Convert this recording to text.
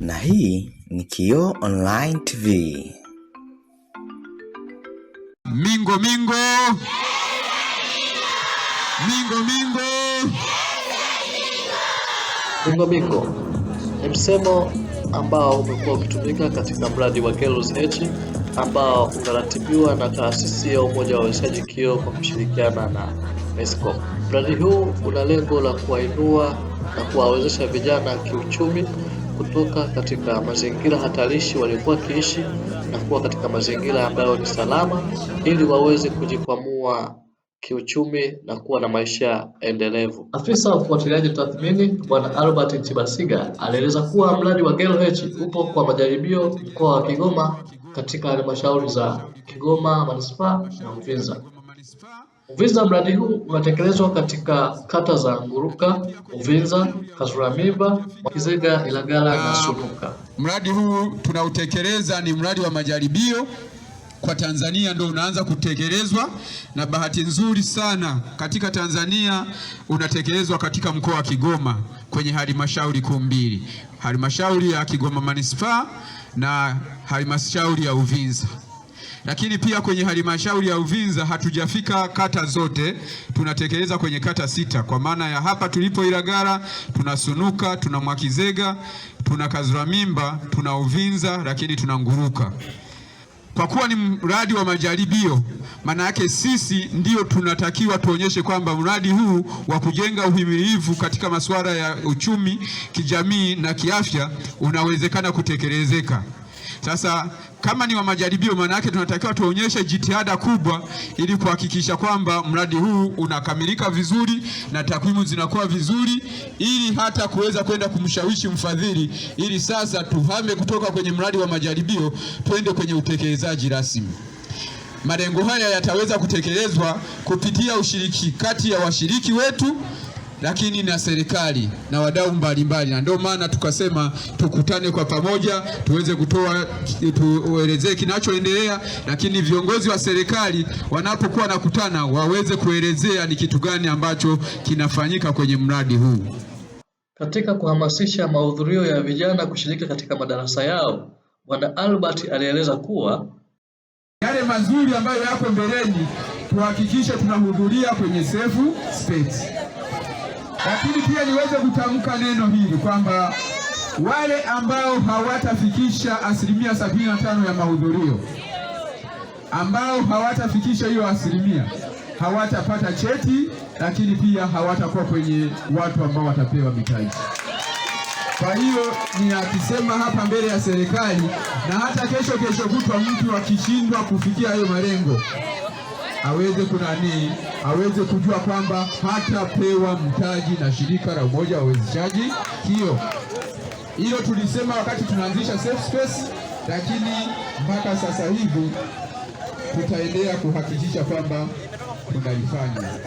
na hii ni kio Online TV. Mingo mingo mingo mingo mingo mingo ni msemo ambao umekuwa ukitumika katika mradi wa Girls Edge ambao unaratibiwa na taasisi ya Umoja wa wezeshaji kio kwa kushirikiana na Mesco. Mradi huu una lengo la kuwainua na kuwawezesha vijana kiuchumi kutoka katika mazingira hatarishi waliokuwa wakiishi na kuwa katika mazingira ambayo ni salama, ili waweze kujikwamua kiuchumi na kuwa na maisha endelevu. Afisa wa ufuatiliaji tathmini Bwana Albert chibasiga alieleza kuwa mradi wa GELH upo kwa majaribio mkoa wa Kigoma katika halmashauri za Kigoma manispaa na Uvinza. Uvinza: mradi huu unatekelezwa katika kata za Nguruka, Uvinza, Kazuramiba, Mwakizega, Ilagala na Sunuka. Mradi huu tunautekeleza, ni mradi wa majaribio kwa Tanzania ndio unaanza kutekelezwa, na bahati nzuri sana katika Tanzania unatekelezwa katika mkoa wa Kigoma kwenye halmashauri kuu mbili, halmashauri ya Kigoma manispaa na halmashauri ya Uvinza. Lakini pia kwenye halmashauri ya Uvinza hatujafika kata zote, tunatekeleza kwenye kata sita, kwa maana ya hapa tulipo Ilagala tuna Sunuka, tuna Mwakizega, tuna Kazuramimba, tuna Uvinza, lakini tuna Nguruka. Kwa kuwa ni mradi wa majaribio, maana yake sisi ndio tunatakiwa tuonyeshe kwamba mradi huu wa kujenga uhimilivu katika masuala ya uchumi, kijamii na kiafya unawezekana kutekelezeka. Sasa kama ni wa majaribio, maana yake tunatakiwa tuonyeshe jitihada kubwa ili kuhakikisha kwamba mradi huu unakamilika vizuri na takwimu zinakuwa vizuri, ili hata kuweza kwenda kumshawishi mfadhili, ili sasa tuhame kutoka kwenye mradi wa majaribio twende kwenye utekelezaji rasmi. Malengo haya yataweza kutekelezwa kupitia ushiriki kati ya washiriki wetu lakini na serikali na wadau mbalimbali, na ndio maana tukasema tukutane kwa pamoja tuweze kutoa tuelezee kinachoendelea, lakini viongozi wa serikali wanapokuwa nakutana waweze kuelezea ni kitu gani ambacho kinafanyika kwenye mradi huu. Katika kuhamasisha mahudhurio ya vijana kushiriki katika madarasa yao, Bwana Albert alieleza kuwa yale mazuri ambayo yako mbeleni tuhakikishe tunahudhuria kwenye safe space. Lakini pia niweze kutamka neno hili kwamba wale ambao hawatafikisha asilimia sabini na tano ya mahudhurio, ambao hawatafikisha hiyo asilimia hawatapata cheti, lakini pia hawatakuwa kwenye watu ambao watapewa mitaji. Kwa hiyo ni akisema hapa mbele ya serikali, na hata kesho kesho kutwa mtu akishindwa kufikia hayo malengo aweze kunani, aweze kujua kwamba hatapewa mtaji na shirika la umoja wa uwezeshaji Hiyo hilo tulisema wakati tunaanzisha safe space, lakini mpaka sasa hivi tutaendelea kuhakikisha kwamba tunalifanya.